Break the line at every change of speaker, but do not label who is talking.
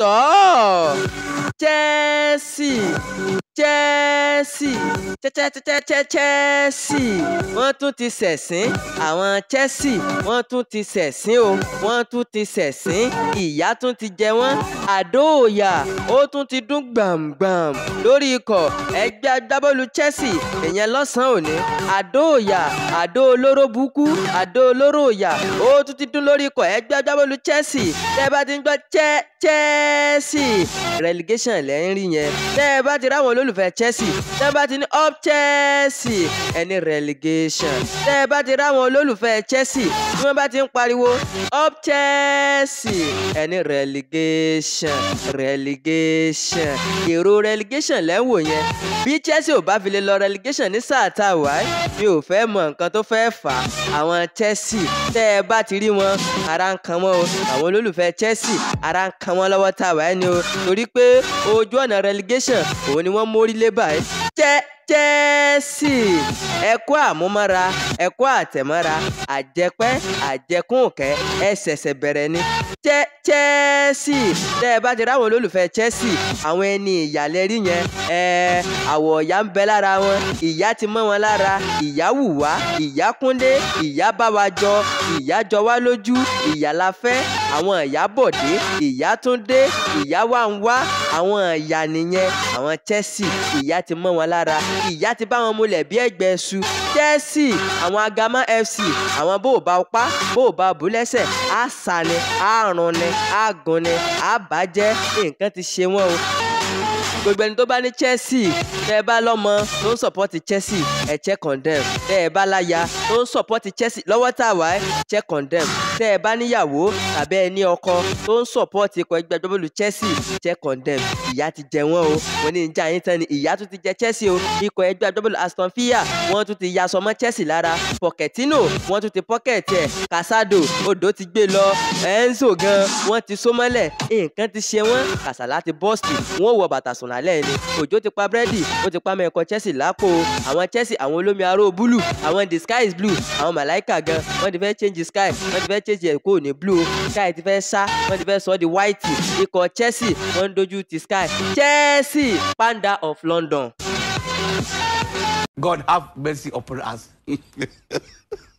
tọ́ Chelsea Chelsea. Chelsea chẹ́chẹ́chẹ́chẹ́sì wọ́n tún ti ṣẹ̀sín àwọn Chelsea wọ́n tún ti ṣẹ̀sín o wọ́n tún ti ṣẹ̀sín ìyá tún ti jẹ wọ́n àdóòyà ó tún ti dún gbàmgbàm lórí ikọ̀ ẹgbẹ́ agbábọ́ọ̀lù Chelsea ìyẹn lọ́sàn-án òní àdóòyà àdó olóró bukú àdó olóró òyà ó tún ti dún lórí ikọ̀ ẹgbẹ́ agbábọ́ọ̀lù Chelsea tẹ́ ẹ bá ti ń gbọ́ Chelsea relegation lẹ́ ń rí yẹn tẹ́ ẹ bá ti ráwọn olólùfẹ́ Chelsea tẹ́ bá ti ní up Chelsea ẹni relegation tẹ́ bá ti ráwọn olólùfẹ́ Chelsea tí wọ́n bá ti ń pariwo up Chelsea ẹni relegation relegation èrò relegation lẹ́wọ̀ yẹn bí Chelsea ò bá fi lọ relegation ní sáà tá a wà á mi ò fẹ́ mọ nǹkan tó fẹ́ fà á àwọn Chelsea tẹ́ ẹ bá ti rí wọn ara ń kan wọn o àwọn olólùfẹ́ Chelsea ara ń kan wọn lọ́wọ́ tá a wà á ni o torí pé ojú ọ̀nà relegation òun ni wọ́n mórí lé báyìí that Chelsea ẹ̀kọ́ àmúmọ́ra ẹ̀kọ́ àtẹ̀mọ́ra àjẹpẹ́ àjẹkúnkẹ́ ẹ ṣẹ̀ṣẹ̀ bẹ̀rẹ̀ ni Chelsea tẹ́ ẹ bá ti ráwọn olólùfẹ́ Chelsea àwọn ẹni ìyàlẹ́ rí yẹn ẹ àwọ̀ ìyá ń bẹ lára wọn ìyá ti mọ́ wọn lára ìyá wùwá ìyá kúnlé ìyá bá wa jọ ìyá jọ wá lójú ìyá la fẹ́ àwọn ìyá bọ̀dé ìyá túndé ìyá wà ń wá àwọn ìyá nìyẹn àwọn Chelsea ìyá ti mọ́ wọn lára ìyá ti bá wọn múlẹ̀ bí ẹ̀gbẹ́ ẹṣu Chelsea àwọn agamọ FC àwọn bó bá pa bó bá bú lẹ́sẹ̀ á sànẹ á rànnẹ á gànnẹ á bàjẹ́ nǹkan ti ṣe wọ́n o gbogbo ẹni tó bá ní Chelsea tẹ́ ẹ bá lọ́mọ tó ń sọ̀pọ́tì Chelsea ẹ̀ check condemn tẹ́ ẹ bá láya tó ń sọ̀pọ́tì Chelsea lọ́wọ́ tàwa ẹ̀ check condemn tẹ́ ẹ bá níyàwó tàbí ẹ ọkọ tó ń sọ̀pọ́ọ̀tì ikọ̀ ẹgbẹ́ agbábọ́ọ̀lù Chelsea jẹ́ condemn ìyà ti jẹ wọ́n o wọ́n ní ìjà yín tán ni ìyà tún ti jẹ Chelsea o ikọ̀ ẹgbẹ́ agbábọ́ọ̀lù Aston Villa wọ́n tún ti yasọ mọ́ Chelsea lára Pochettino wọ́n tún ti pocket ẹ̀ Casado odò ti gbé lọ Enzo gan wọ́n ti so mọ́lẹ̀ nǹkan ti ṣe wọ́n Kasala ti bọ́ọ̀sì wọ́n wọ bàtà sùn lálẹ́ ni òjò ti pa búrẹ́dì ó ti pa mẹ́kọ̀ Chelsea lápò àwọn Chelsea àwọn olómi aró búlù àwọn the sky is blue àwọn màláìkà gan wọ́n ti fẹ́ change the sky wọ́n ti fẹ́ change ẹ̀ kúrò ní blue sky ti fẹ́ sá wọ́n ti fẹ́ sọ di white ikọ̀ Chelsea wọ́n ń dojú ti sky Chelsea panda of London. God have mercy upon us.